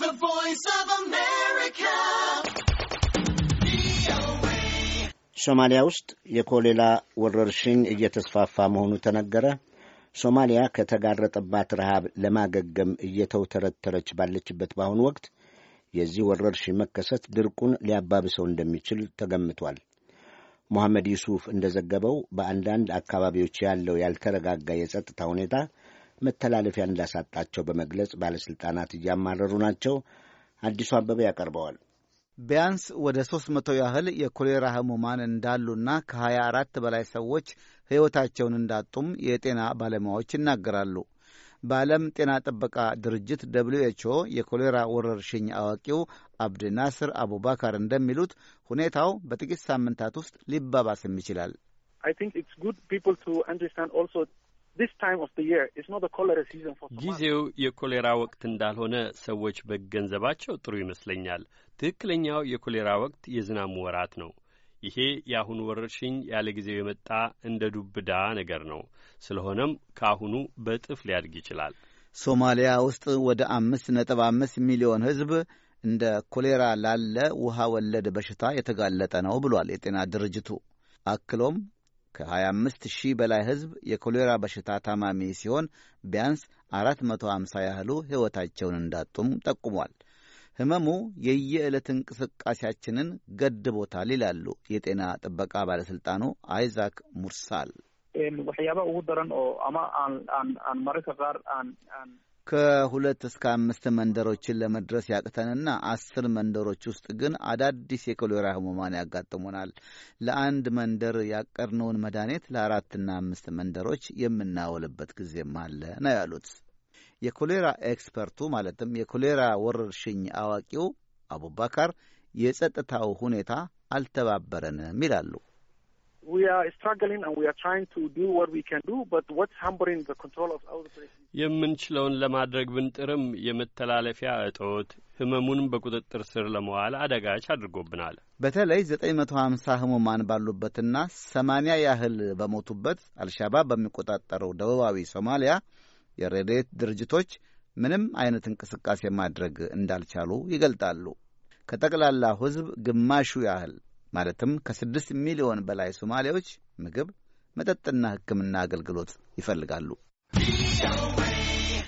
The Voice of America. ሶማሊያ ውስጥ የኮሌላ ወረርሽኝ እየተስፋፋ መሆኑ ተነገረ። ሶማሊያ ከተጋረጠባት ረሃብ ለማገገም እየተውተረተረች ባለችበት በአሁኑ ወቅት የዚህ ወረርሽኝ መከሰት ድርቁን ሊያባብሰው እንደሚችል ተገምቷል። መሐመድ ዩሱፍ እንደዘገበው በአንዳንድ አካባቢዎች ያለው ያልተረጋጋ የጸጥታ ሁኔታ መተላለፊያን እንዳሳጣቸው በመግለጽ ባለሥልጣናት እያማረሩ ናቸው። አዲሱ አበበ ያቀርበዋል። ቢያንስ ወደ ሦስት መቶ ያህል የኮሌራ ህሙማን እንዳሉና ከሀያ አራት በላይ ሰዎች ሕይወታቸውን እንዳጡም የጤና ባለሙያዎች ይናገራሉ። በዓለም ጤና ጥበቃ ድርጅት ደብሊው ኤችኦ የኮሌራ ወረርሽኝ አዋቂው አብድናስር አቡባካር እንደሚሉት ሁኔታው በጥቂት ሳምንታት ውስጥ ሊባባስም ይችላል። ጊዜው የኮሌራ ወቅት እንዳልሆነ ሰዎች በገንዘባቸው ጥሩ ይመስለኛል። ትክክለኛው የኮሌራ ወቅት የዝናሙ ወራት ነው። ይሄ የአሁኑ ወረርሽኝ ያለ ጊዜው የመጣ እንደ ዱብዳ ነገር ነው። ስለሆነም ከአሁኑ በእጥፍ ሊያድግ ይችላል። ሶማሊያ ውስጥ ወደ አምስት ነጥብ አምስት ሚሊዮን ሕዝብ እንደ ኮሌራ ላለ ውሃ ወለድ በሽታ የተጋለጠ ነው ብሏል የጤና ድርጅቱ አክሎም ከ25 ሺህ በላይ ሕዝብ የኮሌራ በሽታ ታማሚ ሲሆን ቢያንስ 450 ያህሉ ሕይወታቸውን እንዳጡም ጠቁሟል። ሕመሙ የየዕለት እንቅስቃሴያችንን ገድቦታል ይላሉ የጤና ጥበቃ ባለሥልጣኑ አይዛክ ሙርሳል። ከሁለት እስከ አምስት መንደሮችን ለመድረስ ያቅተንና አስር መንደሮች ውስጥ ግን አዳዲስ የኮሌራ ህሙማን ያጋጥሙናል። ለአንድ መንደር ያቀርነውን መድኃኒት ለአራትና አምስት መንደሮች የምናውልበት ጊዜም አለ ነው ያሉት የኮሌራ ኤክስፐርቱ ማለትም የኮሌራ ወረርሽኝ አዋቂው አቡባካር የጸጥታው ሁኔታ አልተባበረንም ይላሉ። የምንችለውን ለማድረግ ብንጥርም የመተላለፊያ እጦት ህመሙንም በቁጥጥር ስር ለመዋል አደጋች አድርጎብናል። በተለይ ዘጠኝ መቶ ሀምሳ ህሙማን ባሉበትና ሰማኒያ ያህል በሞቱበት አልሻባብ በሚቆጣጠረው ደቡባዊ ሶማሊያ የረድኤት ድርጅቶች ምንም አይነት እንቅስቃሴ ማድረግ እንዳልቻሉ ይገልጣሉ። ከጠቅላላው ህዝብ ግማሹ ያህል ማለትም ከስድስት ሚሊዮን በላይ ሶማሌዎች ምግብ፣ መጠጥና ሕክምና አገልግሎት ይፈልጋሉ።